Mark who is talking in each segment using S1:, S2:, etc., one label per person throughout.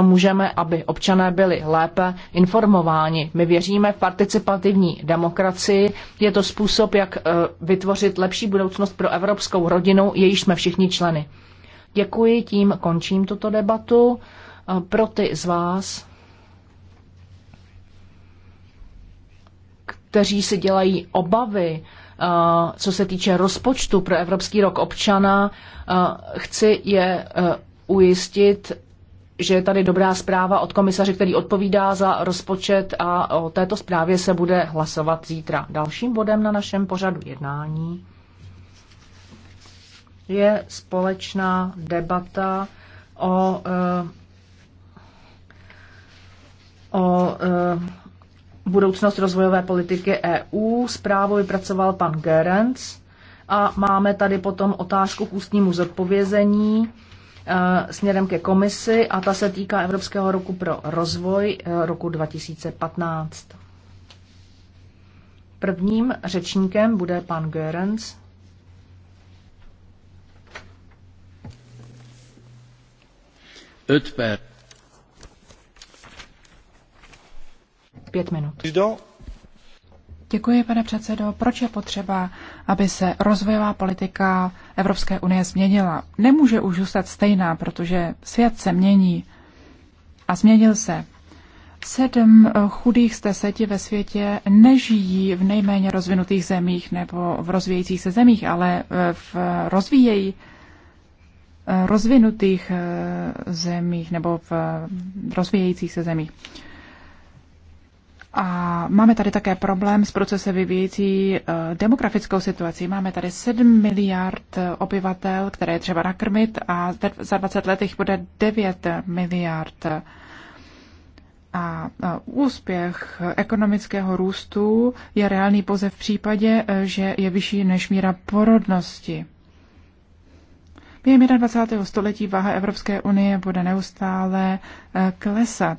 S1: můžeme, aby občané byli lépe informováni. My věříme v participativní demokracii. Je to způsob, jak eh, vytvořit lepší budoucnost pro evropskou rodinu, jejíž jsme všichni členy. Děkuji, tím končím tuto debatu. Eh, pro ty z vás, kteří si dělají obavy, eh, co se týče rozpočtu pro Evropský rok občana, chci je ujistit, že je tady dobrá zpráva od komisaře, který odpovídá za rozpočet a o této zprávě se bude hlasovat zítra. Dalším bodem na našem pořadu jednání je společná debata o, eh, o eh, budoucnost rozvojové politiky EU. Zprávu vypracoval pan Gerenc a máme tady potom otázku k ústnímu zodpovězení Eh, směrem ke komisi a ta se týká Evropského roku pro rozvoj eh, roku 2015. Prvním řečníkem bude pan Görens. Pět minut.
S2: Děkuji, pane předsedo. Proč je potřeba, aby se rozvojová politika Evropské unie změnila? Nemůže už zůstat stejná, protože svět se mění a změnil se. Sedm chudých z deseti ve světě nežijí v nejméně rozvinutých zemích nebo v rozvíjejících se zemích, ale v rozvíjejí eh, rozvinutých eh, zemích nebo v rozvíjejících se zemích. A máme tady také problém s procese vyvíjící eh, demografickou situací. Máme tady 7 miliard eh, obyvatel, které je třeba nakrmit a za 20 let jich bude 9 miliard. A eh, úspěch ekonomického růstu je reálný pouze v případě, že je vyšší než míra porodnosti. Během 21. století váha Evropské unie bude neustále eh, klesat,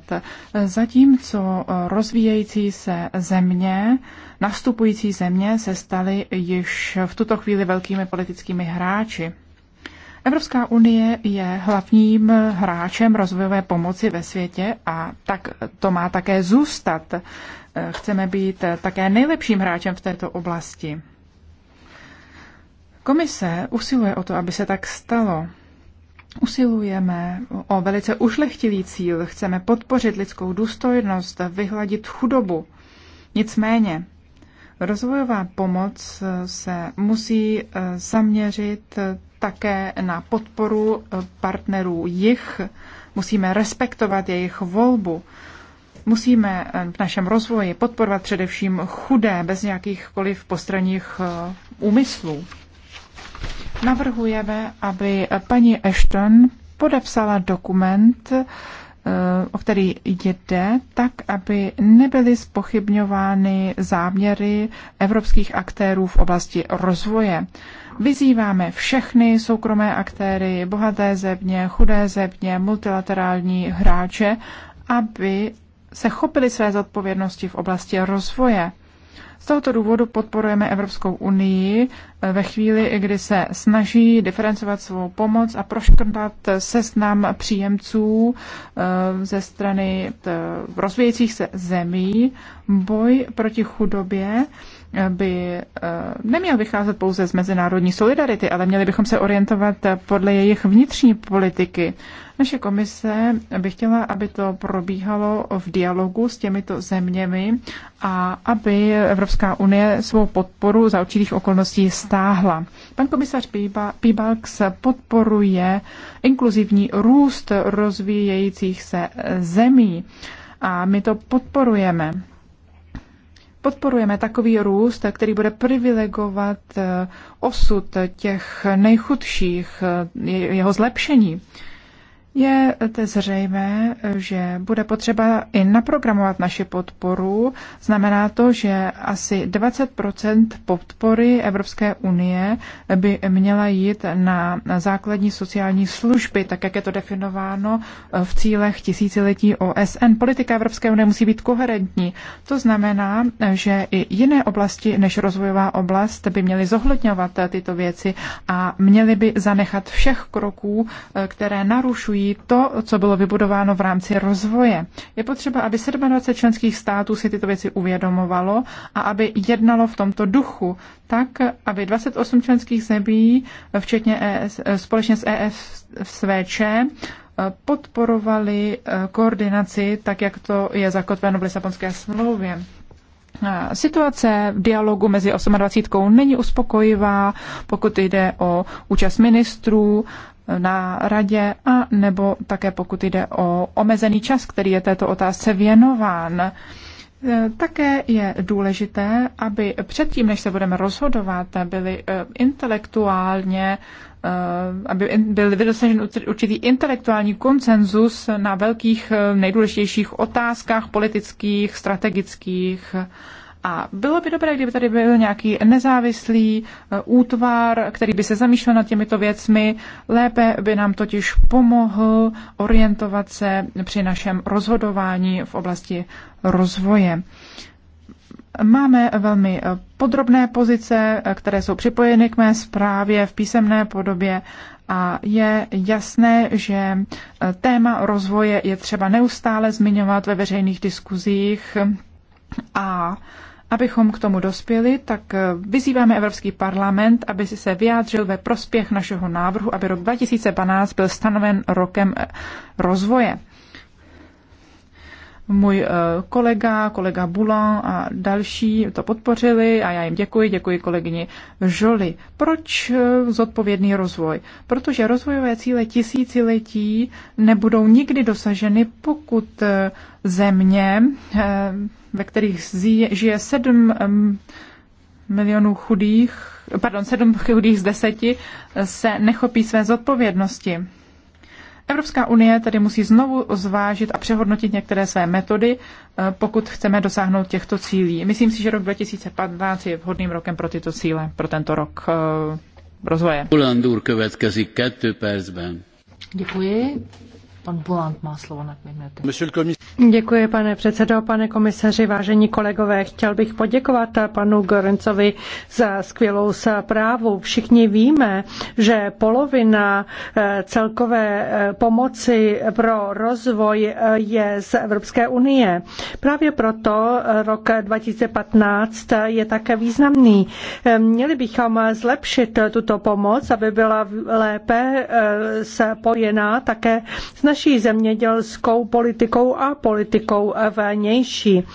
S2: zatímco eh, rozvíjející se země, nastupující země se staly již v tuto chvíli velkými politickými hráči. Evropská unie je hlavním eh, hráčem rozvojové pomoci ve světě a tak to má také zůstat. Chceme být také nejlepším hráčem v této oblasti. Komise usiluje o to, aby se tak stalo. Usilujeme o velice ušlechtilý cíl, chceme podpořit lidskou důstojnost, vyhladit chudobu. Nicméně, rozvojová pomoc se musí eh, zaměřit eh, také na podporu eh, partnerů jich. Musíme respektovat jejich volbu. Musíme v našem rozvoji podporovat především chudé bez nějakýchkoliv postranních úmyslů. Navrhujeme, aby paní Ashton podepsala dokument, eh, o který jde, tak, aby nebyly spochybňovány záměry evropských aktérů v oblasti rozvoje. Vyzýváme všechny soukromé aktéry, bohaté země, chudé země, multilaterální hráče, aby se chopili své zodpovědnosti v oblasti rozvoje. Z tohoto důvodu podporujeme Evropskou unii eh, ve chvíli, kdy se snaží diferencovat svou pomoc a proškrtat seznam příjemců eh, ze strany rozvíjejících se zemí, boj proti chudobě by eh, neměl vycházet pouze z mezinárodní solidarity, ale měli bychom se orientovat podle jejich vnitřní politiky. Naše komise by chtěla, aby to probíhalo v dialogu s těmito zeměmi a aby Evropská unie svou podporu za určitých okolností stáhla. Pan komisař Píbalks podporuje inkluzivní růst rozvíjejících se eh, zemí a my to podporujeme. Podporujeme takový růst, který bude privilegovat eh, osud těch nejchudších, eh, jeho zlepšení. Je tedy zřejmé, že bude potřeba i naprogramovat naši podporu. Znamená to, že asi 20 podpory Evropské unie by měla jít na základní sociální služby, tak jak je to definováno v cílech tisíciletí OSN. Politika Evropské unie musí být koherentní. To znamená, že i jiné oblasti než rozvojová oblast by měly zohledňovat tyto věci a měly by zanechat všech kroků, které narušují to, co bylo vybudováno v rámci rozvoje. Je potřeba, aby 27 členských států si tyto věci uvědomovalo a aby jednalo v tomto duchu, tak, aby 28 členských zemí, včetně ES, společně s EFSVČ, podporovali eh, koordinaci, tak jak to je zakotveno v Lisabonské smlouvě. Situace v dialogu mezi 28 není uspokojivá, pokud jde o účast ministrů na radě a nebo také pokud jde o omezený čas, který je této otázce věnován. E, také je důležité, aby předtím, než se budeme rozhodovat, byly e, intelektuálně, e, aby byl vydosažen určitý intelektuální konsenzus na velkých nejdůležitějších otázkách politických, strategických a bylo by dobré, kdyby tady byl nějaký nezávislý eh, útvar, který by se zamýšlel nad těmito věcmi. Lépe by nám totiž pomohl orientovat se při našem rozhodování v oblasti rozvoje. Máme velmi eh, podrobné pozice, eh, které jsou připojeny k mé zprávě v písemné podobě a je jasné, že téma rozvoje je třeba neustále zmiňovat ve veřejných diskuzích a Abychom k tomu dospěli, tak eh, vyzýváme Evropský parlament, aby si se vyjádřil ve prospěch našeho návrhu, aby rok 2012 byl stanoven rokem eh, rozvoje můj eh, kolega, kolega Bulan a další to podpořili a já jim děkuji, děkuji kolegyni Žoli. Proč eh, zodpovědný rozvoj? Protože rozvojové cíle tisíciletí nebudou nikdy dosaženy, pokud eh, země, ve kterých žije sedm milionů chudých, pardon, sedm chudých z deseti, se nechopí své zodpovědnosti. Evropská unie tedy musí znovu zvážit a přehodnotit některé své metody, eh, pokud chceme dosáhnout těchto cílí. Myslím si, že rok 2015 je vhodným rokem pro tyto cíle, pro tento rok eh, rozvoje. Děkuji.
S1: Pan Bulant má slovo na dvě
S3: minuty.
S4: Děkuji, pane předsedo, pane komisaři, vážení kolegové. Chtěl bych poděkovat panu Gorencovi za skvělou zprávu. Všichni víme, že polovina eh, celkové eh, pomoci pro rozvoj eh, je z Evropské unie. Právě proto rok 2015 je také významný. Měli bychom zlepšit tuto pomoc, aby byla lépe spojená také s naší naší zemědělskou politikou a politikou vnější.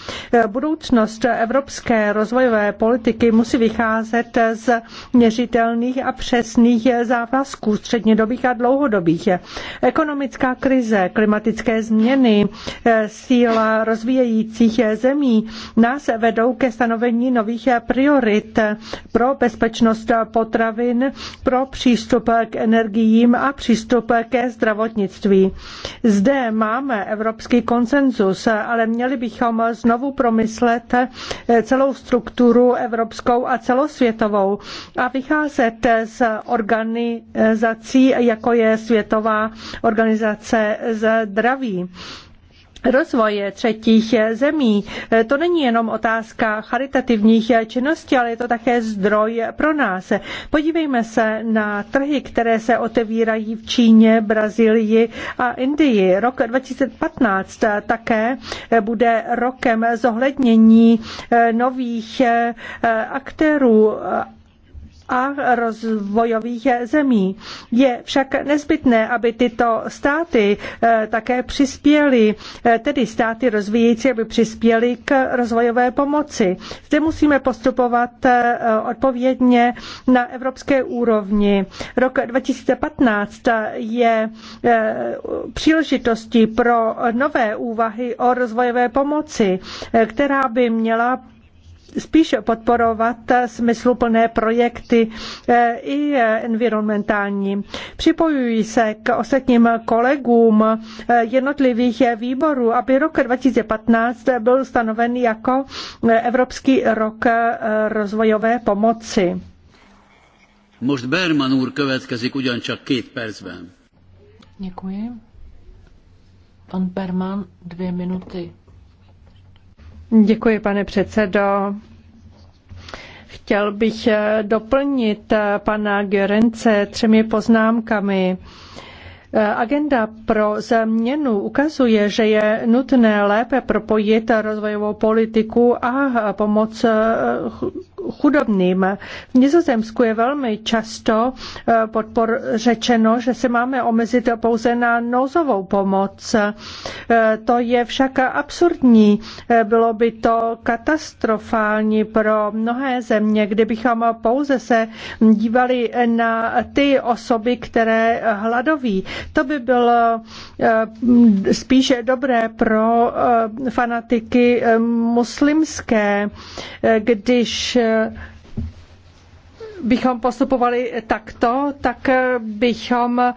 S4: Budoucnost evropské rozvojové politiky musí vycházet z měřitelných a přesných závazků střednědobých a dlouhodobých. Ekonomická krize, klimatické změny, síla rozvíjejících zemí nás vedou ke stanovení nových priorit pro bezpečnost potravin, pro přístup k energiím a přístup ke zdravotnictví. Zde máme evropský konsenzus, ale měli bychom znovu promyslet eh, celou strukturu evropskou a celosvětovou a vycházet z organizací, jako je Světová organizace zdraví rozvoje třetích zemí. To není jenom otázka charitativních činností, ale je to také zdroj pro nás. Podívejme se na trhy, které se otevírají v Číně, Brazílii a Indii. Rok 2015 také bude rokem zohlednění nových aktérů a rozvojových zemí. Je však nezbytné, aby tyto státy eh, také přispěly, eh, tedy státy rozvíjející, aby přispěly k rozvojové pomoci. Zde musíme postupovat eh, odpovědně na evropské úrovni. Rok 2015 je příležitostí pro nové úvahy o rozvojové pomoci, která by měla spíš podporovat smysluplné projekty eh, i eh, environmentální. Připojuji se k ostatním kolegům eh, jednotlivých výborů, aby rok 2015 byl stanoven jako Evropský rok rozvojové pomoci.
S3: Most Berman úr következik ugyancsak két percben.
S4: Děkuji. Pan Berman, dvě minuty. Děkuji, pane předsedo. Chtěl bych eh, doplnit eh, pana Görence třemi poznámkami. Eh, agenda pro změnu ukazuje, že je nutné lépe propojit rozvojovou politiku a pomoc chudobným. V Nizozemsku je velmi často eh, podpor řečeno, že se máme omezit pouze na nouzovou pomoc. Eh, to je však absurdní. Eh, bylo by to katastrofální pro mnohé země, kdybychom pouze se dívali na ty osoby, které hladoví. To by bylo spíše dobré pro fanatiky muslimské, když bychom postupovali takto, tak bychom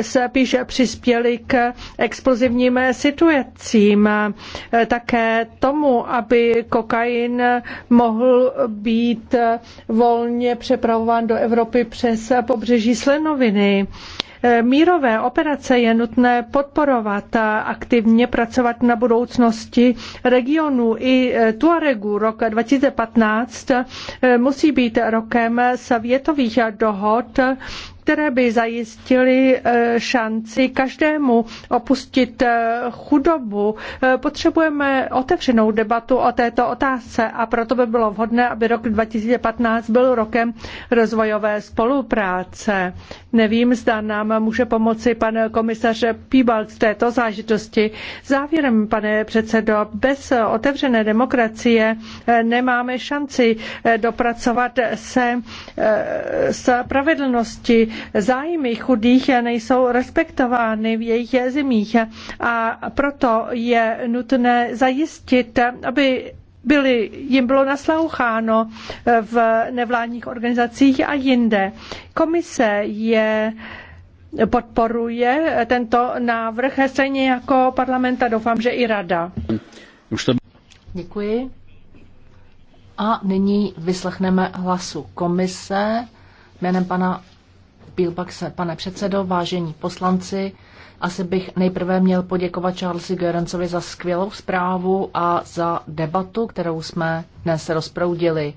S4: se píše přispěli k explozivním situacím. Také tomu, aby kokain mohl být volně přepravován do Evropy přes pobřeží Slenoviny. Mírové operace je nutné podporovat a aktivně pracovat na budoucnosti regionu. I Tuaregu rok 2015 musí být rokem světových dohod které by zajistily eh, šanci každému opustit eh, chudobu. Eh, potřebujeme otevřenou debatu o této otázce a proto by bylo vhodné, aby rok 2015 byl rokem rozvojové spolupráce. Nevím, zda nám může pomoci pan komisař Píbal z této zážitosti. Závěrem, pane předsedo, bez otevřené demokracie nemáme šanci dopracovat se s spravedlnosti Zájmy chudých nejsou respektovány v jejich zemích a proto je nutné zajistit, aby byly, jim bylo nasloucháno v nevládních organizacích a jinde. Komise je podporuje tento návrh, stejně jako parlament a doufám,
S1: že i rada. Děkuji. A nyní vyslechneme hlasu komise jménem pana Pílpakse. Pane předsedo, vážení poslanci, asi bych nejprve měl poděkovat Charlesi Gerencovi za skvělou zprávu a za debatu, kterou jsme dnes rozproudili.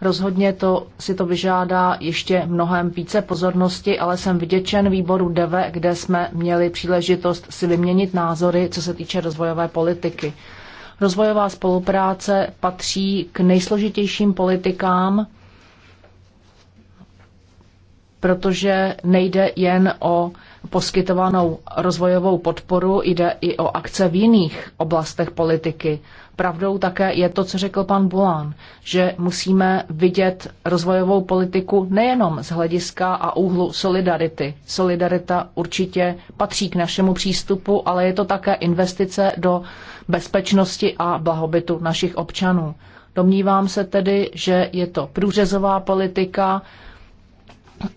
S1: Rozhodně to si to vyžádá ještě mnohem více pozornosti, ale jsem vděčen výboru DEVE, kde jsme měli příležitost si vyměnit názory, co se týče rozvojové politiky. Rozvojová spolupráce patří k nejsložitějším politikám, protože nejde jen o poskytovanou rozvojovou podporu, jde i o akce v jiných oblastech politiky. Pravdou také je to, co řekl pan Bulán, že musíme vidět rozvojovou politiku nejenom z hlediska a úhlu solidarity. Solidarita určitě patří k našemu přístupu, ale je to také investice do bezpečnosti a blahobytu našich občanů. Domnívám se tedy, že je to průřezová politika,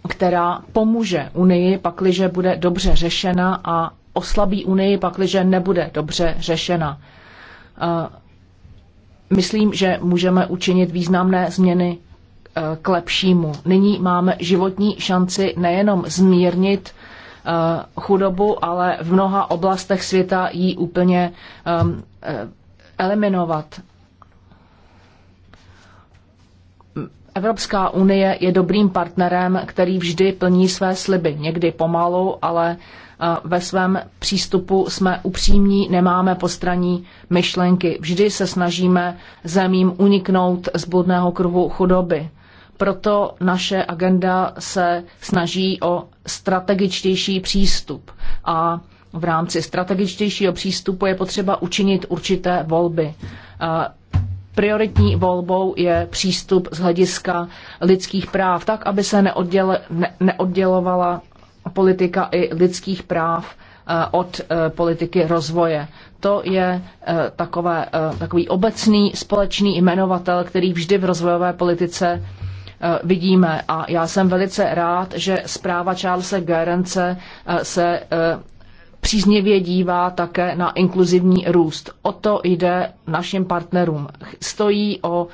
S1: která pomůže Unii, pakliže bude dobře řešena a oslabí Unii, pakliže nebude dobře řešena. Eh, myslím, že můžeme učinit významné změny eh, k lepšímu. Nyní máme životní šanci nejenom zmírnit eh, chudobu, ale v mnoha oblastech světa ji úplně eliminovat. Evropská unie je dobrým partnerem, který vždy plní své sliby, někdy pomalu, ale eh, ve svém přístupu jsme upřímní, nemáme postraní myšlenky. Vždy se snažíme zemím uniknout z bludného kruhu chudoby. Proto naše agenda se snaží o strategičtější přístup a v rámci strategičtějšího přístupu je potřeba učinit určité volby. Eh, Prioritní volbou je přístup z hlediska lidských práv, tak aby se neodděle, ne, neoddělovala politika i lidských práv eh, od eh, politiky rozvoje. To je eh, takové, takový obecný společný jmenovatel, který vždy v rozvojové politice vidíme. A já jsem velice rád, že zpráva Charlesa Gerence se příznivě dívá také na inkluzivní růst. O to jde našim partnerům. Stojí o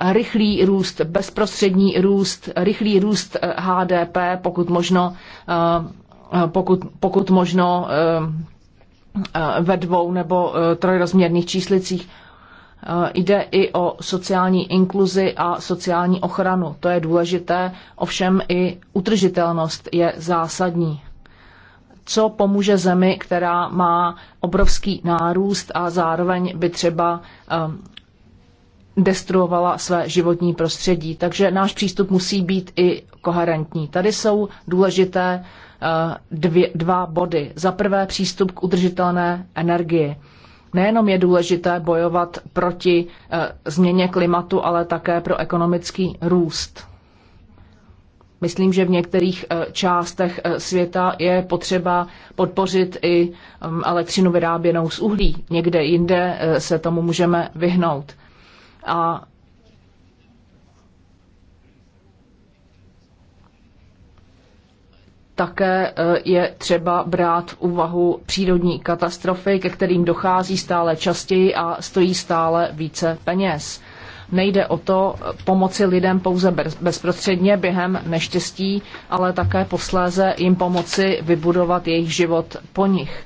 S1: eh, rychlý růst, bezprostřední růst, rychlý růst HDP, eh, pokud možno, eh, pokud, pokud možno ve dvou nebo trojrozměrných číslicích. Jde i o sociální inkluzi a sociální ochranu. To je důležité, ovšem i utržitelnost je zásadní co pomůže zemi, která má obrovský nárůst a zároveň by třeba um, destruovala své životní prostředí. Takže náš přístup musí být i koherentní. Tady jsou důležité uh, dvě, dva body. Za prvé přístup k udržitelné energii. Nejenom je důležité bojovat proti uh, změně klimatu, ale také pro ekonomický růst. Myslím, že v některých eh, částech eh, světa je potřeba podpořit i mm, elektřinu vyráběnou z uhlí. Někde jinde eh, se tomu můžeme vyhnout. A také je třeba brát v úvahu přírodní katastrofy, ke kterým dochází stále častěji a stojí stále více peněz. Nejde o to pomoci lidem pouze bezprostředně během neštěstí, ale také posléze jim pomoci vybudovat jejich život po nich.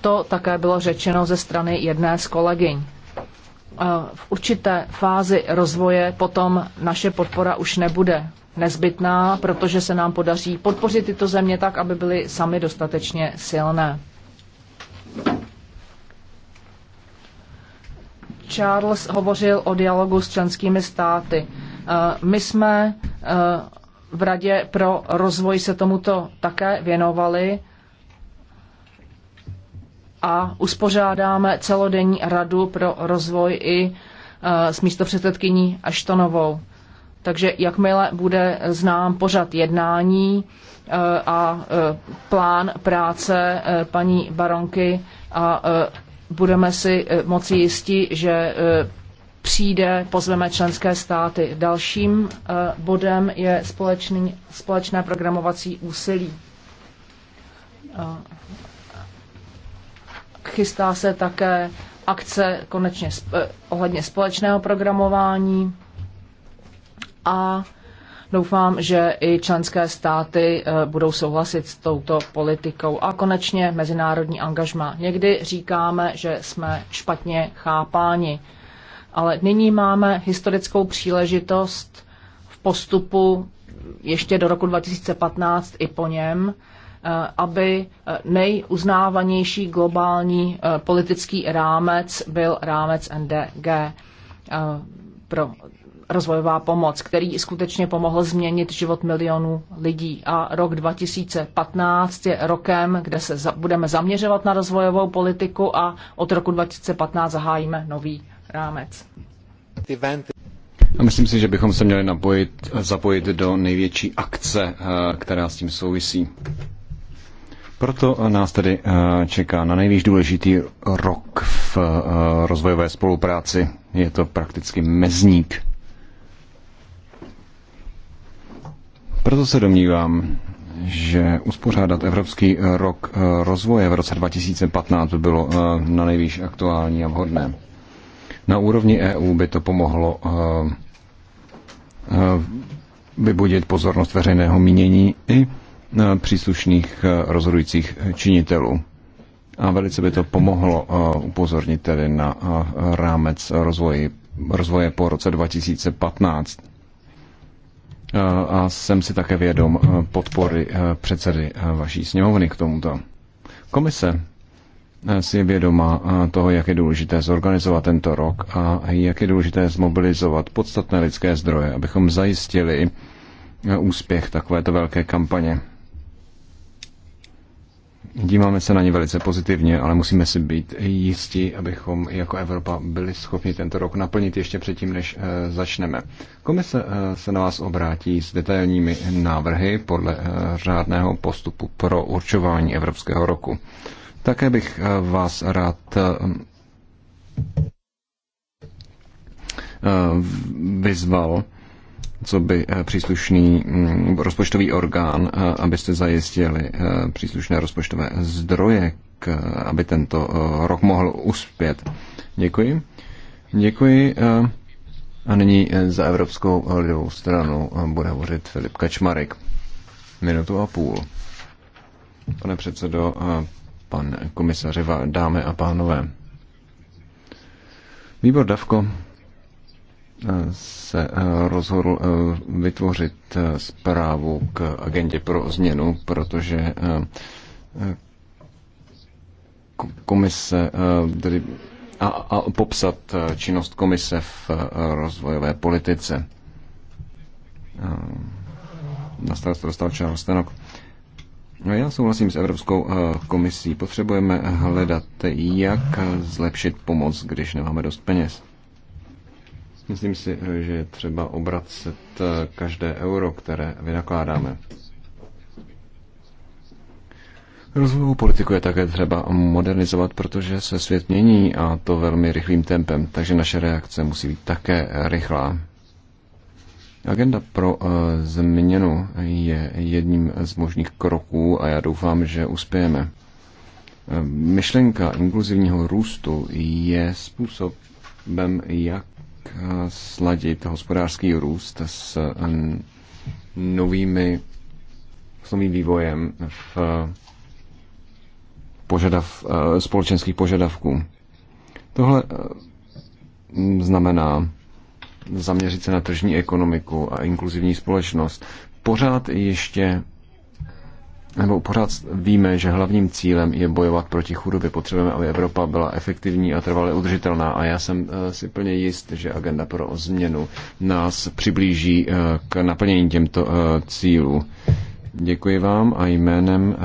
S1: To také bylo řečeno ze strany jedné z kolegyň. Eh, v určité fázi rozvoje potom naše podpora už nebude nezbytná, protože se nám podaří podpořit tyto země tak, aby byly sami dostatečně silné. Charles hovořil o dialogu s členskými státy. Eh, my jsme eh, v Radě pro rozvoj se tomuto také věnovali a uspořádáme celodenní radu pro rozvoj i eh, s místopředsedkyní Aštonovou. Takže jakmile bude znám pořad jednání a plán práce paní baronky a budeme si eh, moci jisti, že eh, přijde, pozveme členské státy. Dalším eh, bodem je společný, společné programovací úsilí. Chystá se také akce konečně ohledně společného programování a Doufám, že i členské státy eh, budou souhlasit s touto politikou. A konečně mezinárodní angažma. Někdy říkáme, že jsme špatně chápáni, ale nyní máme historickou příležitost v postupu ještě do roku 2015 i po něm, eh, aby eh, nejuznávanější globální politický rámec byl rámec NDG pro rozvojová pomoc, který skutečně pomohl změnit život milionů lidí. A rok 2015 je rokem, kde se za, budeme zaměřovat na rozvojovou politiku a od roku 2015 zahájíme nový rámec.
S3: A myslím si, že bychom se měli napojit, zapojit do největší akce, eh, která s tím souvisí. Proto nás tedy eh, čeká na nejvíc důležitý rok v eh, rozvojové spolupráci. Je to prakticky mezník. Proto se domnívám, že uspořádat Evropský rok eh, rozvoje v roce 2015 by bylo eh, na nejvýš aktuální a vhodné. Na úrovni EU by to pomohlo eh, vybudit pozornost veřejného mínění i příslušných rozhodujících činitelů. A velice by to pomohlo upozornit tedy na rámec rozvoje rozvoje po roce 2015 Eh, a jsem si také vědom eh, podpory eh, předsedy vaší sněmovny k tomuto. Komise si je vědoma toho, jak je důležité zorganizovat tento rok a jak je důležité zmobilizovat podstatné lidské zdroje, abychom zajistili úspěch takovéto velké kampaně. Díváme se na ně velice pozitivně, ale musíme si být jistí, abychom jako Evropa byli schopni tento rok naplnit ještě předtím, než eh, začneme. Komise eh, se na vás obrátí s detailními návrhy podle eh, řádného postupu pro určování Evropského roku. Také bych vás rád vyzval, co by eh, příslušný mm, rozpočtový orgán, eh, abyste zajistili eh, příslušné rozpočtové zdroje, k, aby tento rok mohl uspět. Děkuji. Děkuji. A nyní za Evropskou lidovou stranu bude hovořit Filip Kačmarek. Minutu a půl. Pane předsedo, pan komisaři, dámy a pánové. Výbor Davko se eh, rozhodl eh, vytvořit eh, zprávu k agendě pro změnu, protože komise, tedy a, a popsat činnost komise v rozvojové politice. Na starost dostal Charles Stanok. No, já souhlasím s Evropskou komisí. Potřebujeme hledat, jak zlepšit pomoc, když nemáme dost peněz. Myslím si, že je třeba obracet eh, každé euro, které vynakládáme. Rozvojovou politiku je také třeba modernizovat, protože se svět mění a to velmi rychlým tempem, takže naše reakce musí být také rychlá. Agenda pro uh, změnu je jedním z možných kroků a já doufám, že uspějeme. Eh, myšlenka inkluzivního růstu je způsobem, jak Eh, sladit hospodářský růst s eh, novými s novým vývojem v eh, požadav, společenských požadavků. Tohle znamená zaměřit se na tržní ekonomiku a inkluzivní společnost. Pořád ještě nebo pořád víme, že hlavním cílem je bojovat proti chudobě. Potřebujeme, aby Evropa byla efektivní a trvale udržitelná. A já jsem eh, si plně jist, že agenda pro změnu nás přiblíží eh, k naplnění těmto eh, cílů. Děkuji vám a jménem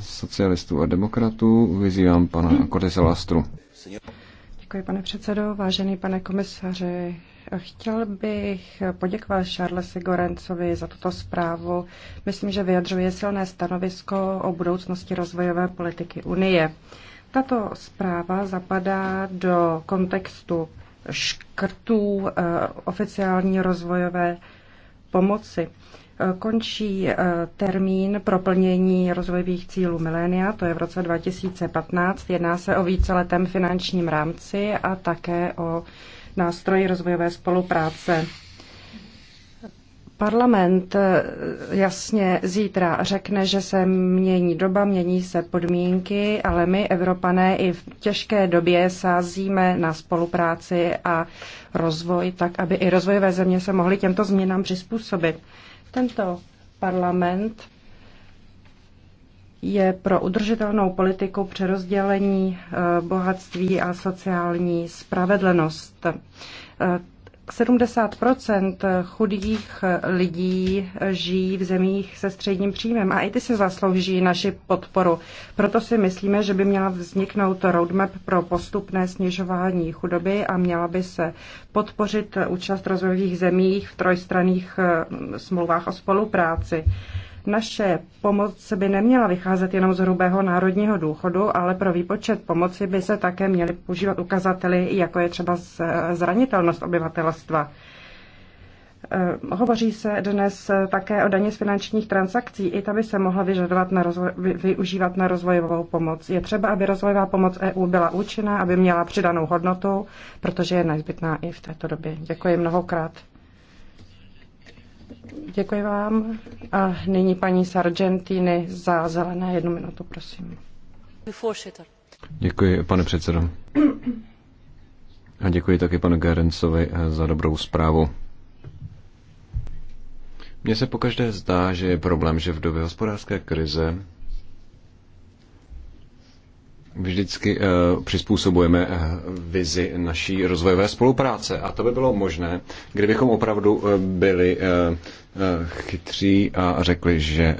S3: socialistů a demokratů vyzývám pana Kortesa Lastru.
S5: Děkuji, pane předsedo. Vážený pane komisaři, chtěl bych poděkovat Charlesi Gorencovi za tuto zprávu. Myslím, že vyjadřuje silné stanovisko o budoucnosti rozvojové politiky Unie. Tato zpráva zapadá do kontextu škrtů eh, oficiální rozvojové pomoci končí eh, termín pro plnění rozvojových cílů milénia, to je v roce 2015. Jedná se o víceletém finančním rámci a také o nástroj rozvojové spolupráce. Parlament eh, jasně zítra řekne, že se mění doba, mění se podmínky, ale my, Evropané, i v těžké době sázíme na spolupráci a rozvoj, tak aby i rozvojové země se mohly těmto změnám přizpůsobit. Tento parlament je pro udržitelnou politiku přerozdělení eh, bohatství a sociální spravedlnost. Eh, 70 chudých lidí žijí v zemích se středním příjmem a i ty si zaslouží naši podporu. Proto si myslíme, že by měla vzniknout roadmap pro postupné snižování chudoby a měla by se podpořit účast rozvojových zemí v trojstranných eh, smlouvách o spolupráci. Naše pomoc by neměla vycházet jenom z hrubého národního důchodu, ale pro výpočet pomoci by se také měly používat ukazateli, jako je třeba zranitelnost obyvatelstva. Eh, hovoří se dnes také o daně z finančních transakcí. I ta by se mohla vyžadovat na rozvoj, využívat na rozvojovou pomoc. Je třeba, aby rozvojová pomoc EU byla účinná, aby měla přidanou hodnotu, protože je nezbytná i v této době. Děkuji mnohokrát. Děkuji vám. A nyní paní Sargentini za zelené jednu minutu, prosím.
S3: Děkuji, pane předsedo. A děkuji taky panu Gerencovi eh, za dobrou zprávu. Mně se pokaždé zdá, že je problém, že v době hospodářské krize vždycky eh, přizpůsobujeme eh, vizi naší rozvojové spolupráce. A to by bylo možné, kdybychom opravdu eh, byli chytří a řekli, že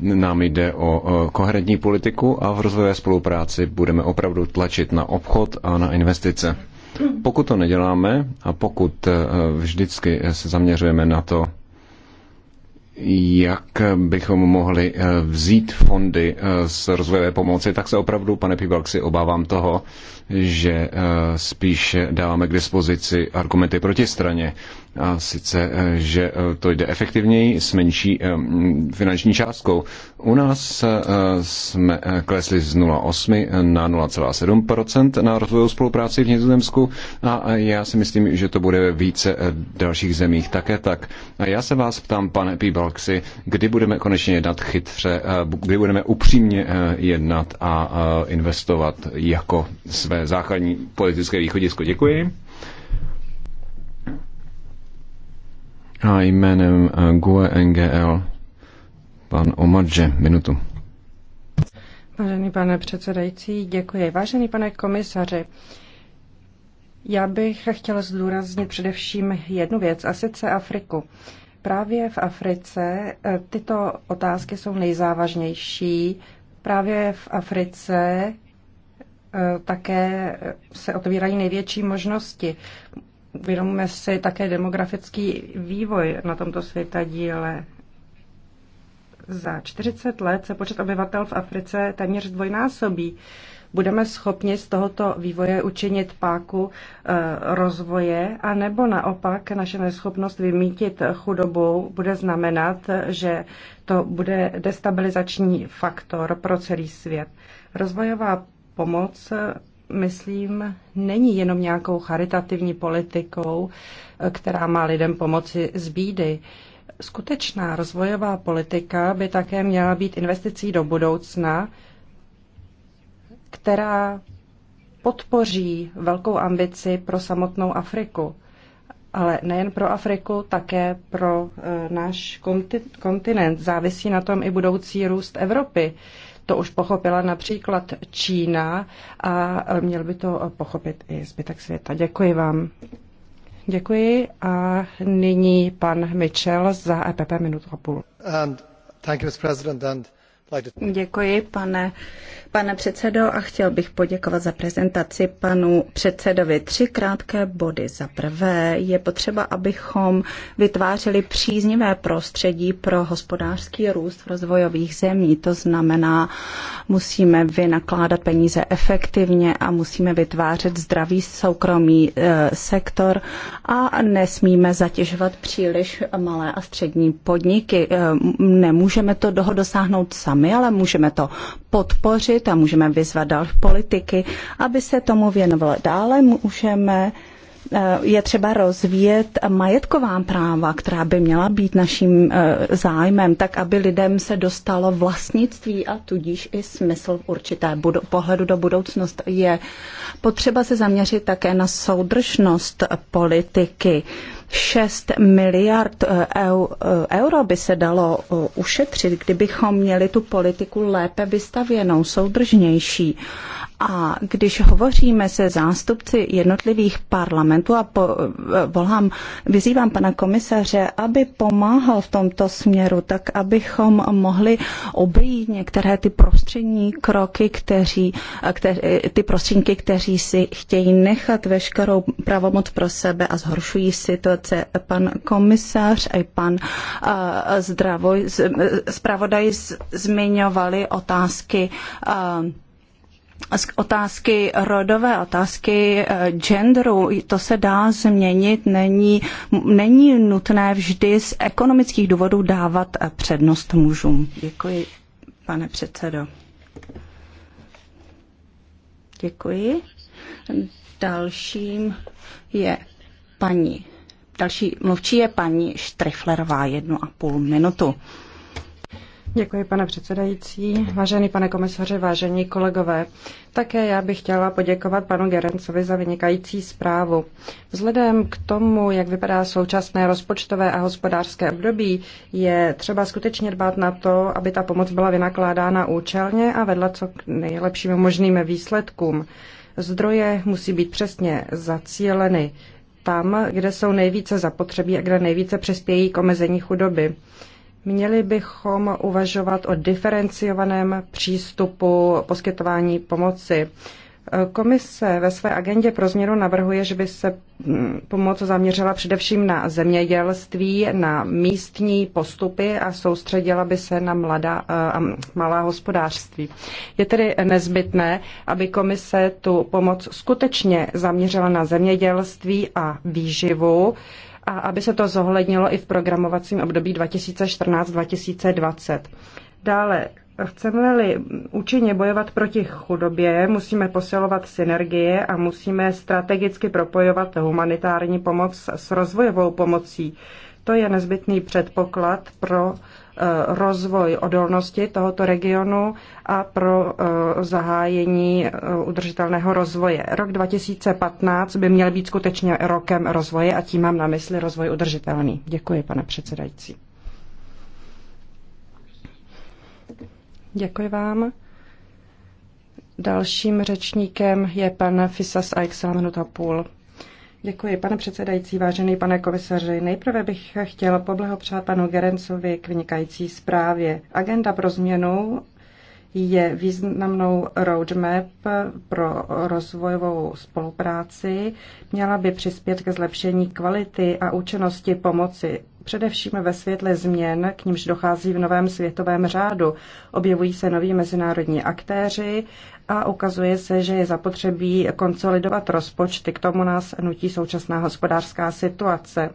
S3: nám jde o koherentní politiku a v rozvojové spolupráci budeme opravdu tlačit na obchod a na investice. Pokud to neděláme a pokud vždycky se zaměřujeme na to, jak bychom mohli eh, vzít fondy eh, z rozvojové pomoci, tak se opravdu, pane si obávám toho, že eh, spíš dáváme k dispozici argumenty proti straně. A sice, eh, že eh, to jde efektivněji s menší eh, finanční částkou. U nás jsme klesli z 0,8 na 0,7 na rozvojovou spolupráci v Nizozemsku a já si myslím, že to bude více dalších zemích také tak. A já se vás ptám, pane Pibalksi, kdy budeme konečně jednat chytře, kdy budeme upřímně jednat a investovat jako své základní politické východisko. Děkuji. A jménem eh, GUE NGL pan Omadže, minutu.
S5: Vážený pane předsedající, děkuji. Vážený pane komisaři, já bych chtěl zdůraznit především jednu věc, a sice Afriku. Právě v Africe eh, tyto otázky jsou nejzávažnější. Právě v Africe eh, také se otvírají největší možnosti. Vědomujeme si také demografický vývoj na tomto světa díle. Za 40 let se počet obyvatel v Africe téměř dvojnásobí. Budeme schopni z tohoto vývoje učinit páku e, rozvoje, nebo naopak naše neschopnost vymítit chudobou bude znamenat, že to bude destabilizační faktor pro celý svět. Rozvojová pomoc myslím, není jenom nějakou charitativní politikou, eh, která má lidem pomoci z bídy. Skutečná rozvojová politika by také měla být investicí do budoucna, která podpoří velkou ambici pro samotnou Afriku. Ale nejen pro Afriku, také pro eh, náš kontinent. Závisí na tom i budoucí růst Evropy. To už pochopila například Čína a měl by to pochopit i zbytek světa. Děkuji vám. Děkuji a
S6: nyní pan Mitchell za EPP minutu a půl. Děkuji, pane pane předsedo, a chtěl bych poděkovat za prezentaci panu předsedovi. Tři krátké body. Za prvé je potřeba, abychom vytvářeli příznivé prostředí pro hospodářský růst v rozvojových zemí. To znamená, musíme vynakládat peníze efektivně a musíme vytvářet zdravý soukromý e, sektor a nesmíme zatěžovat příliš malé a střední podniky. E, nemůžeme to dosáhnout sami, ale můžeme to podpořit podpořit a můžeme vyzvat dal politiky, aby se tomu věnovalo. Dále můžeme eh, je třeba rozvíjet majetková práva, která by měla být naším eh, zájmem, tak aby lidem se dostalo vlastnictví a tudíž i smysl v určité pohledu do budoucnost. Je potřeba se zaměřit také na soudržnost politiky 6 miliard eh, eh, euro by se dalo eh, ušetřit, kdybychom měli tu politiku lépe vystavěnou, soudržnější. A když hovoříme se zástupci jednotlivých parlamentů a po, volám, vyzývám pana komisaře, aby pomáhal v tomto směru, tak abychom mohli obejít některé ty prostřední kroky, kteří, ty prostředníky, kteří si chtějí nechat veškerou pravomoc pro sebe a zhoršují situace. Pan komisař a pan zdravoj, z, zpravodaj z, zmiňovali otázky otázky rodové, otázky eh, genderu, to se dá změnit, není, není nutné vždy z ekonomických důvodů dávat eh, přednost mužům. Děkuji, pane předsedo. Děkuji. Dalším je paní. Další mluvčí je paní Štriflerová, jednu a půl minutu. Děkuji, pane
S5: předsedající. Vážený pane komisaři, vážení kolegové, také já bych chtěla poděkovat panu Gerencovi za vynikající zprávu. Vzhledem k tomu, jak vypadá současné rozpočtové a hospodářské období, je třeba skutečně dbát na to, aby ta pomoc byla vynakládána účelně a vedla co k nejlepším možným výsledkům. Zdroje musí být přesně zacíleny tam, kde jsou nejvíce zapotřebí a kde nejvíce přispějí k omezení chudoby. Měli bychom uvažovat o diferenciovaném přístupu poskytování pomoci. Komise ve své agendě pro změnu navrhuje, že by se mm, pomoc zaměřila především na zemědělství, na místní postupy a soustředila by se na mladá eh, a malá hospodářství. Je tedy nezbytné, aby komise tu pomoc skutečně zaměřila na zemědělství a výživu, a aby se to zohlednilo i v programovacím období 2014-2020. Dále Chceme-li účinně bojovat proti chudobě, musíme posilovat synergie a musíme strategicky propojovat humanitární pomoc s rozvojovou pomocí. To je nezbytný předpoklad pro Eh, rozvoj odolnosti tohoto regionu a pro eh, zahájení eh, udržitelného rozvoje. Rok 2015 by měl být skutečně rokem rozvoje a tím mám na mysli rozvoj udržitelný. Děkuji, pane předsedající. Děkuji vám. Dalším řečníkem je pan Fisas Aixel, půl. Děkuji, pane předsedající, vážený pane komisaři. Nejprve bych chtěl poblahopřát panu Gerencovi k vynikající zprávě. Agenda pro změnu je významnou roadmap pro rozvojovou spolupráci. Měla by přispět ke zlepšení kvality a účinnosti pomoci, především ve světle změn, k nímž dochází v novém světovém řádu. Objevují se noví mezinárodní aktéři a ukazuje se, že je zapotřebí konsolidovat rozpočty. K tomu nás nutí současná hospodářská situace.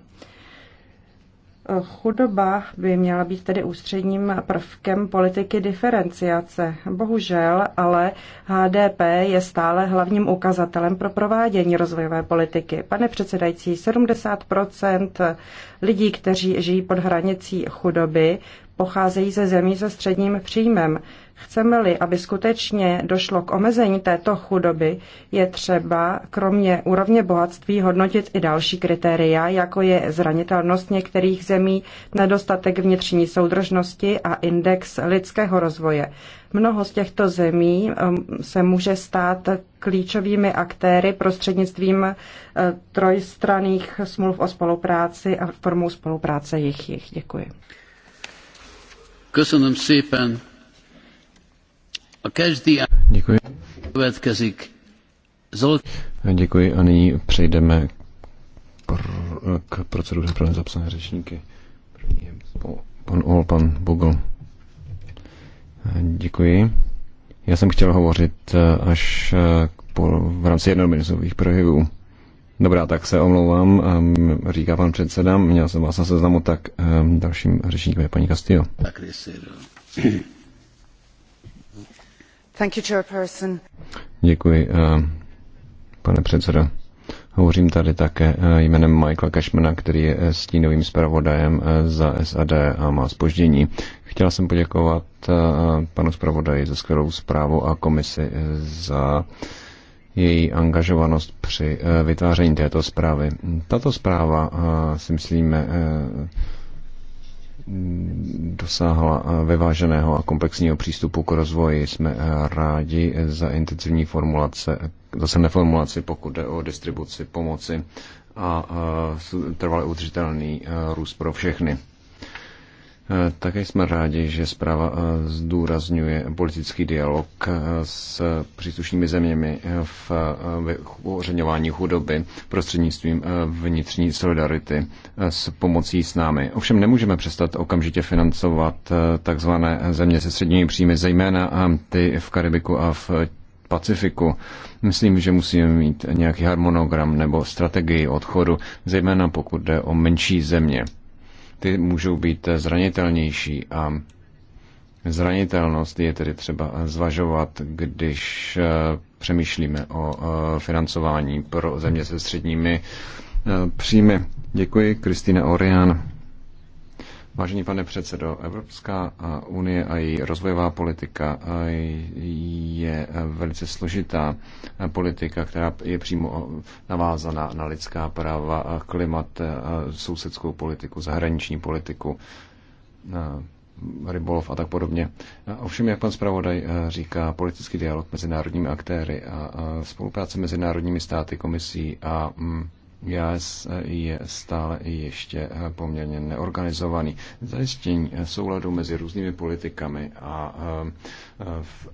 S5: Chudoba by měla být tedy ústředním prvkem politiky diferenciace. Bohužel, ale HDP je stále hlavním ukazatelem pro provádění rozvojové politiky. Pane předsedající, 70 lidí, kteří žijí pod hranicí chudoby, pocházejí ze zemí se středním příjmem. Chceme-li, aby skutečně došlo k omezení této chudoby, je třeba kromě úrovně bohatství hodnotit i další kritéria, jako je zranitelnost některých zemí, nedostatek vnitřní soudržnosti a index lidského rozvoje. Mnoho z těchto zemí um, se může stát klíčovými aktéry prostřednictvím eh, trojstraných smluv o spolupráci a formou spolupráce jejich. Děkuji.
S3: Köszönöm szépen Děkuji. a nyní přejdeme k proceduře pro nezapsané řečníky. První je pan Ol, pan Bogl. Děkuji. Já jsem chtěl hovořit eh, až eh, po, v rámci jednominutových projevů. Dobrá, tak se omlouvám, ehm, říká pan předseda. Měl jsem vás na seznamu, tak ehm, dalším řečníkem je paní Castillo. Tak,
S2: Thank you, chairperson.
S3: Děkuji, eh, pane předsedo. Hovořím tady také eh, jménem Michaela Cashmana, který je eh, stínovým zpravodajem za SAD a má spoždění. Chtěla jsem poděkovat panu zpravodaji za skvělou zprávu a komisi za její angažovanost při vytváření této zprávy. Tato zpráva si myslíme dosáhla eh, vyváženého a komplexního přístupu k rozvoji. Jsme eh, rádi za intenzivní formulace, zase neformulaci, pokud jde o distribuci pomoci a eh, trvalý udržitelný růst pro všechny. Eh, také jsme rádi, že zpráva eh, zdůrazňuje politický dialog eh, s příslušnými zeměmi v ořeňování chudoby prostřednictvím vnitřní solidarity s pomocí s námi. Ovšem nemůžeme přestat okamžitě financovat takzvané země se středními příjmy, zejména ty v Karibiku a v Pacifiku. Myslím, že musíme mít nějaký harmonogram nebo strategii odchodu, zejména pokud jde o menší země ty můžou být zranitelnější a zranitelnost je tedy třeba zvažovat, když eh, přemýšlíme o eh, financování pro země se středními eh, příjmy. Děkuji, Kristýna Orián. Vážený pane předsedo, Evropská unie a její rozvojová politika je velice složitá politika, která je přímo navázaná na lidská práva, klimat, sousedskou politiku, zahraniční politiku, rybolov a tak podobně. Ovšem, jak pan zpravodaj říká, politický dialog mezi národními aktéry a spolupráce mezi národními státy, komisí a mm, já je stále i ještě poměrně neorganizovaný. Zajištění souladu mezi různými politikami a eh,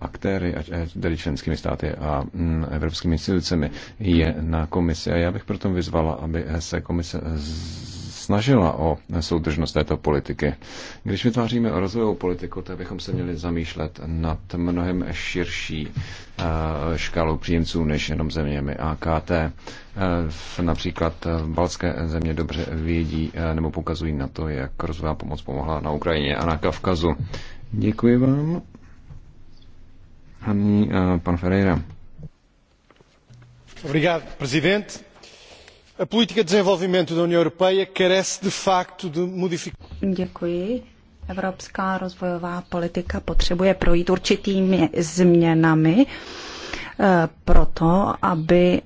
S3: aktéry, tedy členskými státy a mm, evropskými institucemi, je na komisi. A já bych proto vyzvala, aby se komise snažila o soudržnost této politiky. Když vytváříme rozvojovou politiku, tak bychom se měli zamýšlet nad mnohem širší eh, škálou příjemců než jenom zeměmi AKT. Eh, například eh, balské země dobře vědí nebo pokazují na to, jak rozvojová pomoc pomohla na Ukrajině a na Kavkazu. Děkuji vám. Ani pan Ferreira. Obrigado, presidente. A política de desenvolvimento da União Europeia carece de facto de
S6: modificações. Evropská rozvojová politika potřebuje projít určitými změnami eh, proto, aby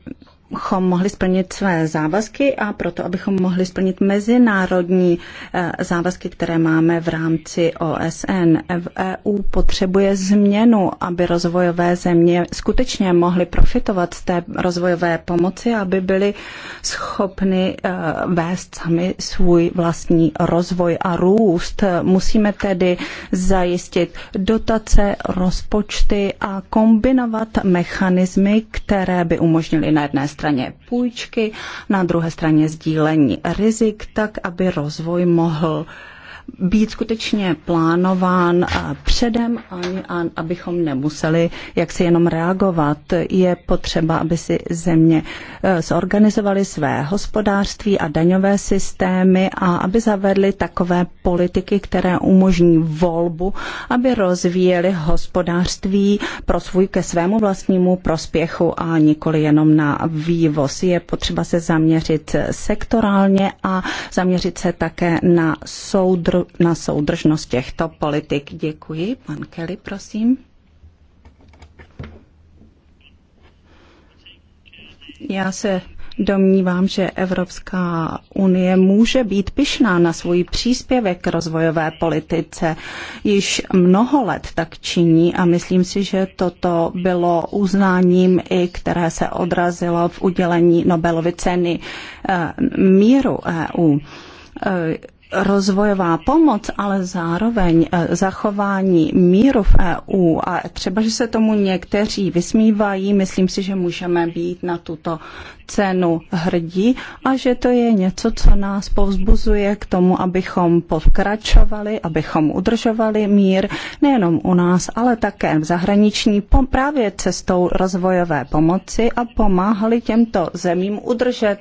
S6: abychom mohli splnit své závazky a proto, abychom mohli splnit mezinárodní eh, závazky, které máme v rámci OSN. V EU potřebuje změnu, aby rozvojové země skutečně mohly profitovat z té rozvojové pomoci, aby byly schopny eh, vést sami svůj vlastní rozvoj a růst. Musíme tedy zajistit dotace, rozpočty a kombinovat mechanizmy, které by umožnily na jedné straně straně půjčky, na druhé straně sdílení rizik, tak aby rozvoj mohl být skutečně plánován předem, ani abychom nemuseli jak si jenom reagovat. Je potřeba, aby si země e, zorganizovaly své hospodářství a daňové systémy a aby zavedly takové politiky, které umožní volbu, aby rozvíjeli hospodářství pro svůj ke svému vlastnímu prospěchu a nikoli jenom na vývoz. Je potřeba se zaměřit sektorálně a zaměřit se také na soudr výboru na soudržnost těchto politik. Děkuji. Pan Kelly, prosím. Já se domnívám, že Evropská unie může být pyšná na svůj příspěvek k rozvojové politice. Již mnoho let tak činí a myslím si, že toto bylo uznáním i, které se odrazilo v udělení Nobelovy ceny eh, míru EU eh, rozvojová pomoc, ale zároveň eh, zachování míru v EU a třeba, že se tomu někteří vysmívají, myslím si, že můžeme být na tuto cenu hrdí a že to je něco, co nás povzbuzuje k tomu, abychom pokračovali, abychom udržovali mír nejenom u nás, ale také v zahraniční právě cestou rozvojové pomoci a pomáhali těmto zemím udržet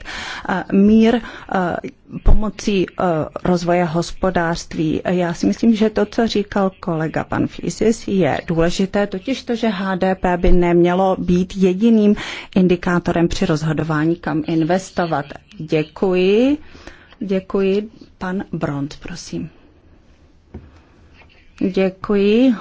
S6: eh, mír eh, pomocí eh, rozvoje hospodářství. Já si myslím, že to, co říkal kolega pan Fisis, je důležité, totiž to, že HDP by nemělo být jediným indikátorem při rozhodování plánování, kam investovat. Děkuji. Děkuji. Pan Bront, prosím. Děkuji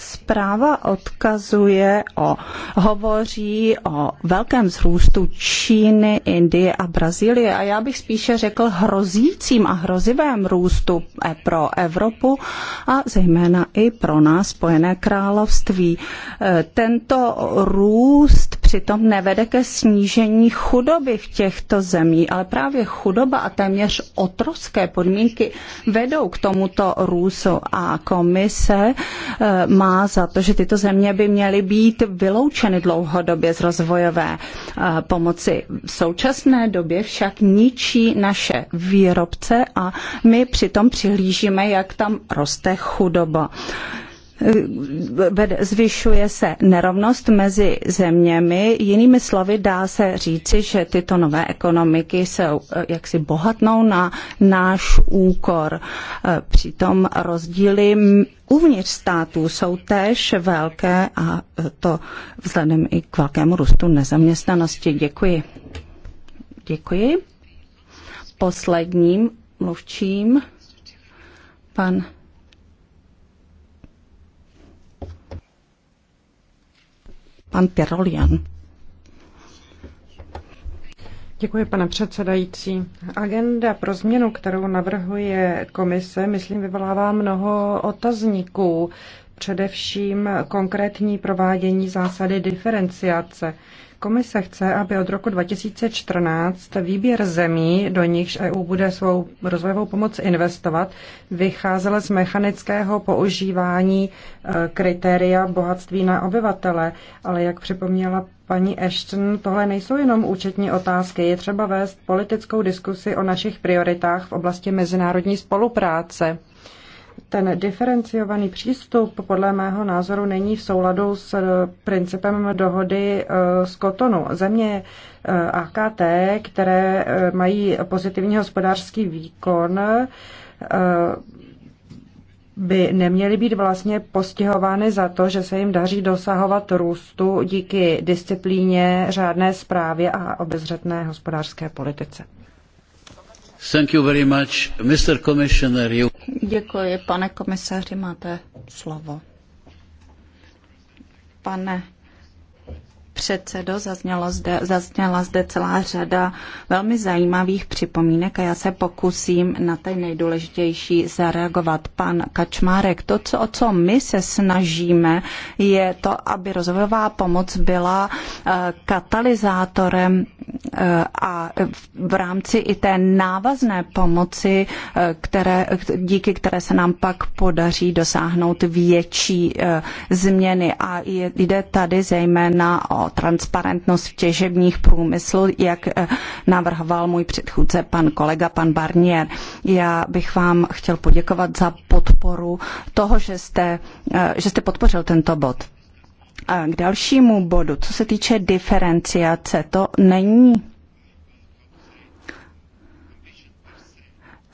S6: zpráva odkazuje o, hovoří o velkém zrůstu Číny, Indie a Brazílie a já bych spíše řekl hrozícím a hrozivém růstu pro Evropu a zejména i pro nás Spojené království. E, tento růst přitom nevede ke snížení chudoby v těchto zemí, ale právě chudoba a téměř otrocké podmínky vedou k tomuto růzu a komise eh, má za to, že tyto země by měly být vyloučeny dlouhodobě z rozvojové eh, pomoci. V současné době však ničí naše výrobce a my přitom přihlížíme, jak tam roste chudoba zvyšuje se nerovnost mezi zeměmi. Jinými slovy dá se říci, že tyto nové ekonomiky se eh, jaksi bohatnou na náš úkor. Eh, přitom rozdíly uvnitř států jsou též velké a eh, to vzhledem i k velkému růstu nezaměstnanosti. Děkuji. Děkuji. Posledním mluvčím pan pan Pirolian.
S5: Děkuji, pane předsedající. Agenda pro změnu, kterou navrhuje komise, myslím, vyvolává mnoho otazníků, především konkrétní provádění zásady diferenciace. Komise chce, aby od roku 2014 výběr zemí, do nichž EU bude svou rozvojovou pomoc investovat, vycházel z mechanického používání e, kritéria bohatství na obyvatele. Ale jak připomněla paní Ashton, tohle nejsou jenom účetní otázky. Je třeba vést politickou diskusi o našich prioritách v oblasti mezinárodní spolupráce ten diferenciovaný přístup podle mého názoru není v souladu s eh, principem dohody eh, z Kotonu. Země eh, AKT, které mají pozitivní hospodářský výkon, by neměly být vlastně postihovány za to, že se jim daří dosahovat růstu díky disciplíně, řádné správě a
S6: obezřetné hospodářské politice.
S3: Thank you very much. Mr. Commissioner, you...
S6: Děkuji, pane komisaři, máte slovo. Pane předsedo, zaznělo zde, zazněla zde celá řada velmi zajímavých připomínek a já se pokusím na ty nejdůležitější zareagovat. Pan Kačmárek, to, co, o co my se snažíme, je to, aby rozvojová pomoc byla eh, katalyzátorem eh, a v rámci i té návazné pomoci, eh, které, díky které se nám pak podaří dosáhnout větší změny. A jde tady zejména o transparentnost v těžebních průmyslu, jak eh, navrhoval můj předchůdce pan kolega, pan Barnier. Já bych vám chtěl poděkovat za podporu toho, že jste, eh, že jste podpořil tento bod. A k dalšímu bodu, co se týče diferenciace, to není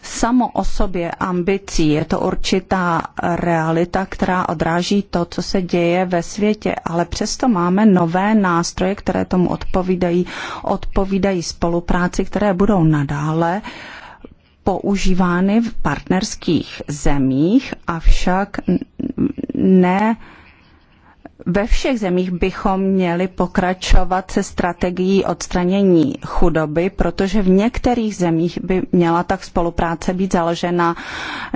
S6: samo o sobě ambicí. Je to určitá realita, která odráží to, co se děje ve světě, ale přesto máme nové nástroje, které tomu odpovídají, odpovídají spolupráci, které budou nadále používány v partnerských zemích, avšak ne ve všech zemích bychom měli pokračovat se strategií odstranění chudoby, protože v některých zemích by měla tak spolupráce být založena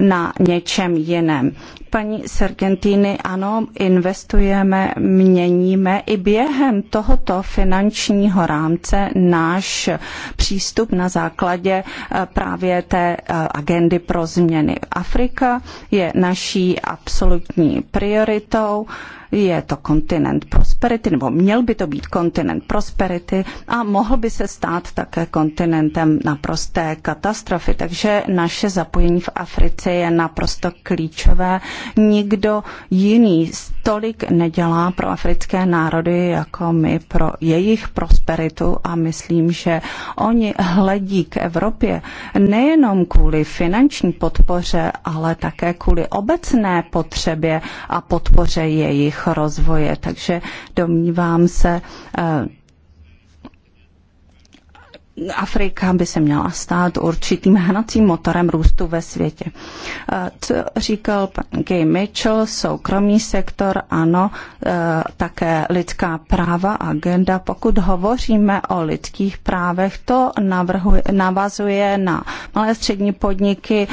S6: na něčem jiném. Paní Sergentini, ano, investujeme, měníme i během tohoto finančního rámce náš přístup na základě eh, právě té eh, agendy pro změny. Afrika je naší absolutní prioritou je to kontinent prosperity, nebo měl by to být kontinent prosperity a mohl by se stát také kontinentem naprosté katastrofy. Takže naše zapojení v Africe je naprosto klíčové. Nikdo jiný tolik nedělá pro africké národy jako my pro jejich prosperitu a myslím, že oni hledí k Evropě nejenom kvůli finanční podpoře, ale také kvůli obecné potřebě a podpoře jejich jejich rozvoje. Takže domnívám se, eh, Afrika by se měla stát určitým hnacím motorem růstu ve světě. Eh, co říkal pan Gay Mitchell, soukromý sektor, ano, eh, také lidská práva, agenda. Pokud hovoříme o lidských právech, to navrhuje, navazuje na malé střední podniky,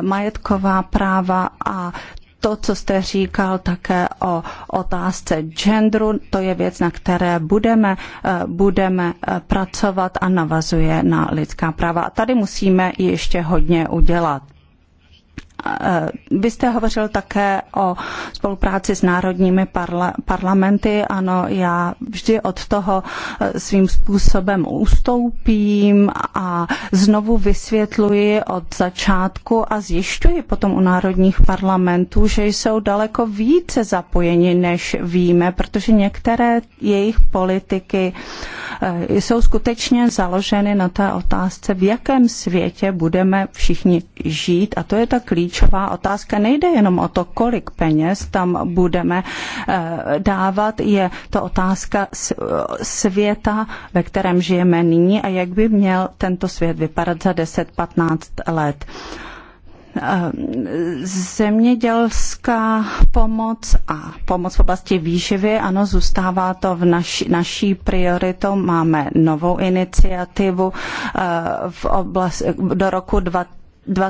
S6: majetková práva a to, co jste říkal také o otázce genderu, to je věc, na které budeme, eh, budeme eh, pracovat a navazuje na lidská práva. A tady musíme ještě hodně udělat Eh, vy jste hovořil také o spolupráci s národními parla- parlamenty. Ano, já vždy od toho eh, svým způsobem ustoupím a znovu vysvětluji od začátku a zjišťuji potom u národních parlamentů, že jsou daleko více zapojeni, než víme, protože některé jejich politiky eh, jsou skutečně založeny na té otázce, v jakém světě budeme všichni žít. A to je ta klíč klíčová otázka. Nejde jenom o to, kolik peněz tam budeme eh, dávat, je to otázka eh, světa, ve kterém žijeme nyní a jak by měl tento svět vypadat za 10-15 let eh, zemědělská pomoc a pomoc v oblasti výživy, ano, zůstává to v naši, naší prioritou. Máme novou iniciativu v oblast, do roku 20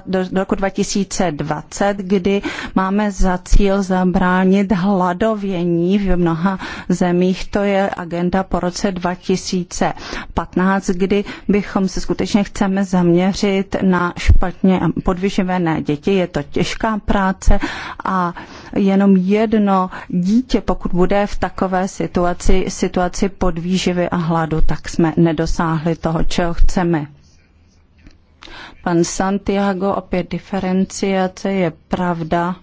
S6: do roku 2020, kdy máme za cíl zabránit hladovění v mnoha zemích. To je agenda po roce 2015, kdy bychom se skutečně chceme zaměřit na špatně podvyživené děti. Je to těžká práce a jenom jedno dítě, pokud bude v takové situaci, situaci podvýživy a hladu, tak jsme nedosáhli toho, čeho chceme. Pan Santiago, opět diferenciace, je pravda,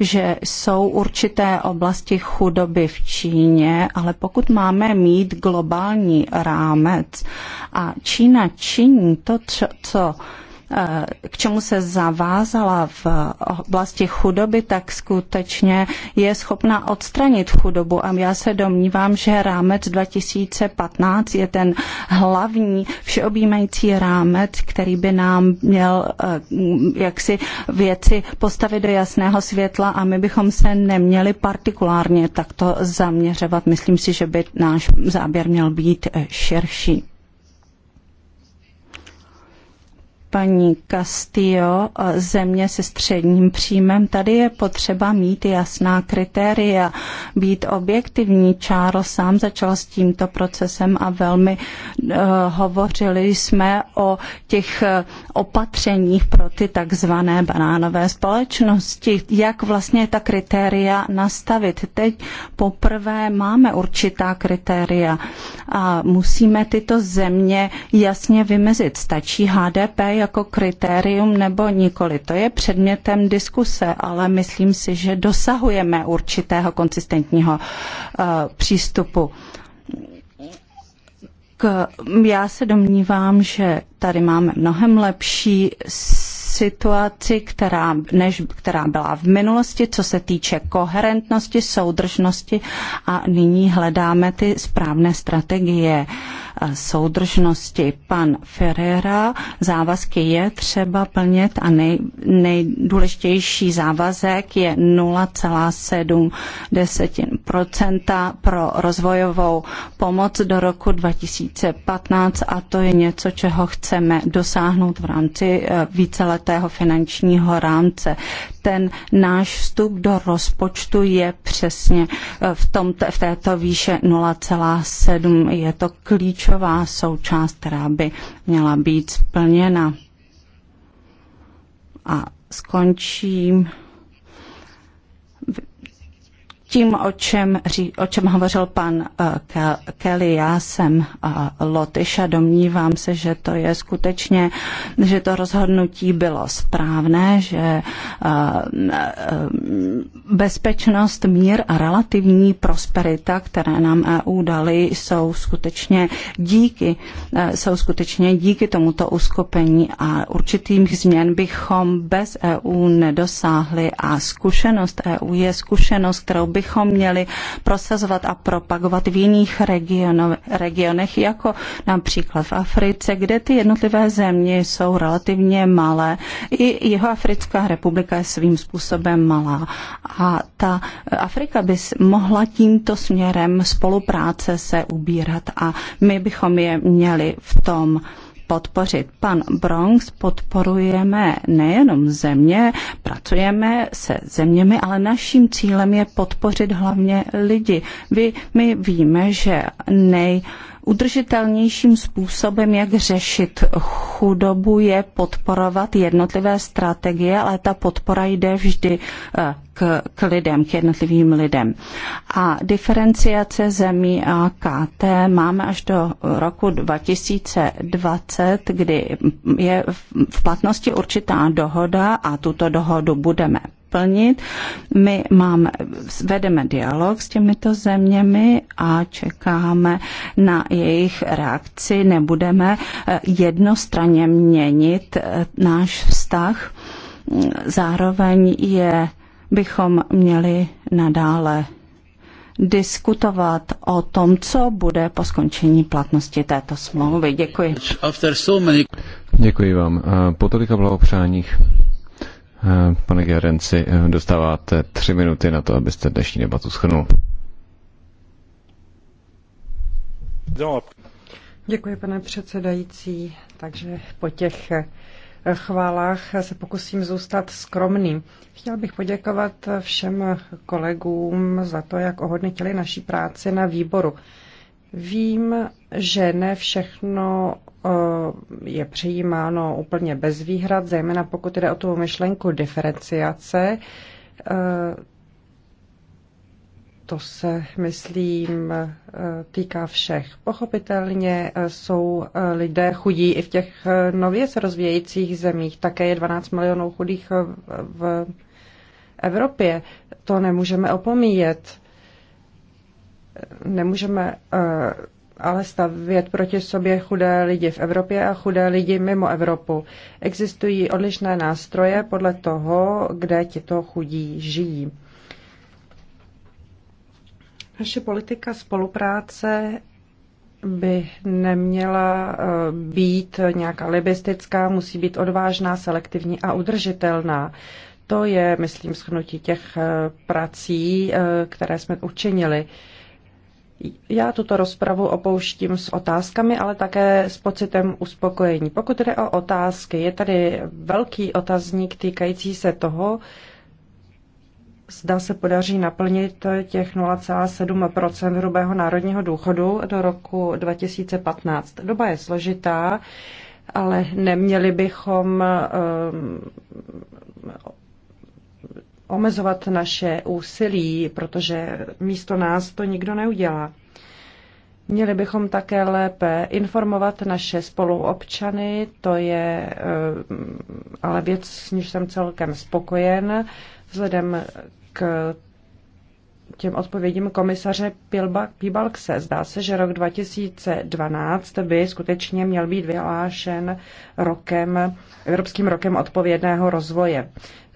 S6: že jsou určité oblasti chudoby v Číně, ale pokud máme mít globální rámec a Čína činí to, co Eh, k čemu se zavázala v oblasti chudoby, tak skutečně je schopna odstranit chudobu. A já se domnívám, že rámec 2015 je ten hlavní všeobjímající rámec, který by nám měl eh, jaksi věci postavit do jasného světla a my bychom se neměli partikulárně takto zaměřovat. Myslím si, že by náš záběr měl být eh, širší. paní Castillo, eh, země se středním příjmem, tady je potřeba mít jasná kritéria, být objektivní. Charles sám začal s tímto procesem a velmi uh, hovořili jsme o těch eh, opatřeních pro ty takzvané banánové společnosti, jak vlastně ta kritéria nastavit. Teď poprvé máme určitá kritéria a musíme tyto země jasně vymezit. Stačí HDP jako kritérium nebo nikoli. To je předmětem diskuse, ale myslím si, že dosahujeme určitého konsistentního uh, přístupu. K, já se domnívám, že tady máme mnohem lepší situaci, která, než, která byla v minulosti, co se týče koherentnosti, soudržnosti a nyní hledáme ty správné strategie soudržnosti. Pan Ferrera, závazky je třeba plnit a nej, nejdůležitější závazek je 0,7 pro rozvojovou pomoc do roku 2015 a to je něco, čeho chceme dosáhnout v rámci eh, víceletého víceletého finančního rámce. Ten náš vstup do rozpočtu je přesně eh, v, tom, v této výše 0,7. Je to klíčová součást, která by měla být splněna. A skončím tím, o čem, o čem hovořil pan eh, Kelly, já jsem eh, Lotyš a domnívám se, že to je skutečně, že to rozhodnutí bylo správné, že eh, bezpečnost, mír a relativní prosperita, které nám EU dali, jsou skutečně díky, jsou skutečně díky tomuto uskupení a určitých změn bychom bez EU nedosáhli a zkušenost EU je zkušenost, kterou by bychom měli prosazovat a propagovat v jiných regionech, jako například v Africe, kde ty jednotlivé země jsou relativně malé. I Jihoafrická republika je svým způsobem malá. A ta Afrika by mohla tímto směrem spolupráce se ubírat a my bychom je měli v tom podpořit. Pan Bronx podporujeme nejenom země, pracujeme se zeměmi, ale naším cílem je podpořit hlavně lidi. Vy, my víme, že nej udržitelnějším způsobem, jak řešit chudobu, je podporovat jednotlivé strategie, ale ta podpora jde vždy eh, k, k lidem, k jednotlivým lidem. A diferenciace zemí a KT máme až do roku 2020, kdy je v platnosti určitá dohoda a tuto dohodu budeme plnit. My máme, vedeme dialog s těmito zeměmi a čekáme na jejich reakci. Nebudeme eh, jednostranně měnit eh, náš vztah. Zároveň je, bychom měli nadále diskutovat o tom, co bude po skončení platnosti této smlouvy. Děkuji.
S3: Děkuji vám. Eh, po tolika blahopřáních Eh, pane Gerenci, eh, dostáváte tři minuty na to, abyste dnešní debatu schrnul.
S5: Děkuji, pane předsedající. Takže po těch eh, chválách se pokusím zůstat skromný. Chtěl bych poděkovat všem kolegům za to, jak ohodnotili naší práci na výboru. Vím, že ne všechno je přijímáno úplně bez výhrad, zejména pokud jde o tu myšlenku diferenciace. E, to se, myslím, e, týká všech. Pochopitelně e, jsou lidé chudí i v těch nově se rozvíjejících zemích. Také je 12 milionů chudých v Evropě. To nemůžeme opomíjet. Nemůžeme ale stavět proti sobě chudé lidi v Evropě a chudé lidi mimo Evropu. Existují odlišné nástroje podle toho, kde tito chudí žijí. Naše politika spolupráce by neměla eh, být nějaká libistická, musí být odvážná, selektivní a udržitelná. To je, myslím, schnutí těch eh, prací, eh, které jsme učinili. Já tuto rozpravu opouštím s otázkami, ale také s pocitem uspokojení. Pokud jde o otázky, je tady velký otazník týkající se toho, zda se podaří naplnit těch 0,7 hrubého národního důchodu do roku 2015. Doba je složitá, ale neměli bychom um, omezovat naše úsilí, protože místo nás to nikdo neudělá. Měli bychom také lépe informovat naše spoluobčany, to je eh, ale věc, s níž jsem celkem spokojen, vzhledem k těm odpovědím komisaře Pibalkse. Zdá se, že rok 2012 by skutečně měl být vyhlášen rokem, Evropským rokem odpovědného rozvoje.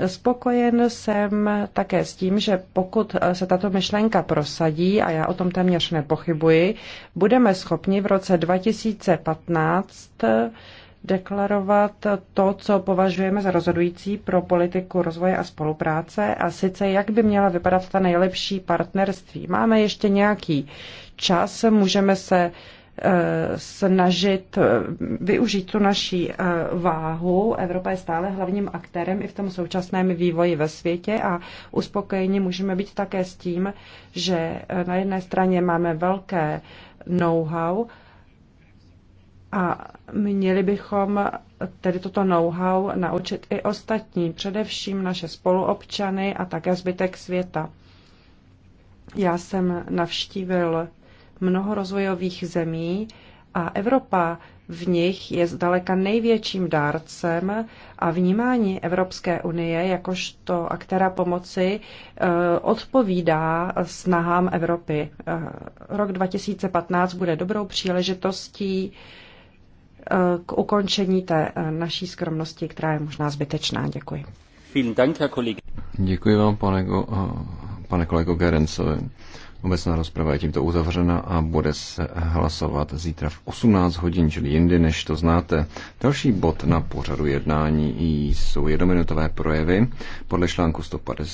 S5: Spokojen jsem také s tím, že pokud se tato myšlenka prosadí, a já o tom téměř nepochybuji, budeme schopni v roce 2015 deklarovat to, co považujeme za rozhodující pro politiku rozvoje a spolupráce, a sice jak by měla vypadat ta nejlepší partnerství. Máme ještě nějaký čas, můžeme se eh, snažit eh, využít tu naší eh, váhu. Evropa je stále hlavním aktérem i v tom současném vývoji ve světě a uspokojeni můžeme být také s tím, že na jedné straně máme velké know-how, a měli bychom tedy toto know-how naučit i ostatní, především naše spoluobčany a také zbytek světa. Já jsem navštívil mnoho rozvojových zemí a Evropa v nich je zdaleka největším dárcem a vnímání Evropské unie jakožto aktéra pomoci eh, odpovídá snahám Evropy. Eh, rok 2015 bude dobrou příležitostí k ukončení té eh, naší skromnosti, která je možná zbytečná. Děkuji.
S3: Děkuji vám, pane, eh, pane kolego Gerencovi. Obecná rozprava je tímto uzavřena a bude se hlasovat zítra v 18 hodin, čili jindy, než to znáte. Další bod na pořadu jednání jsou jednominutové projevy podle článku 150.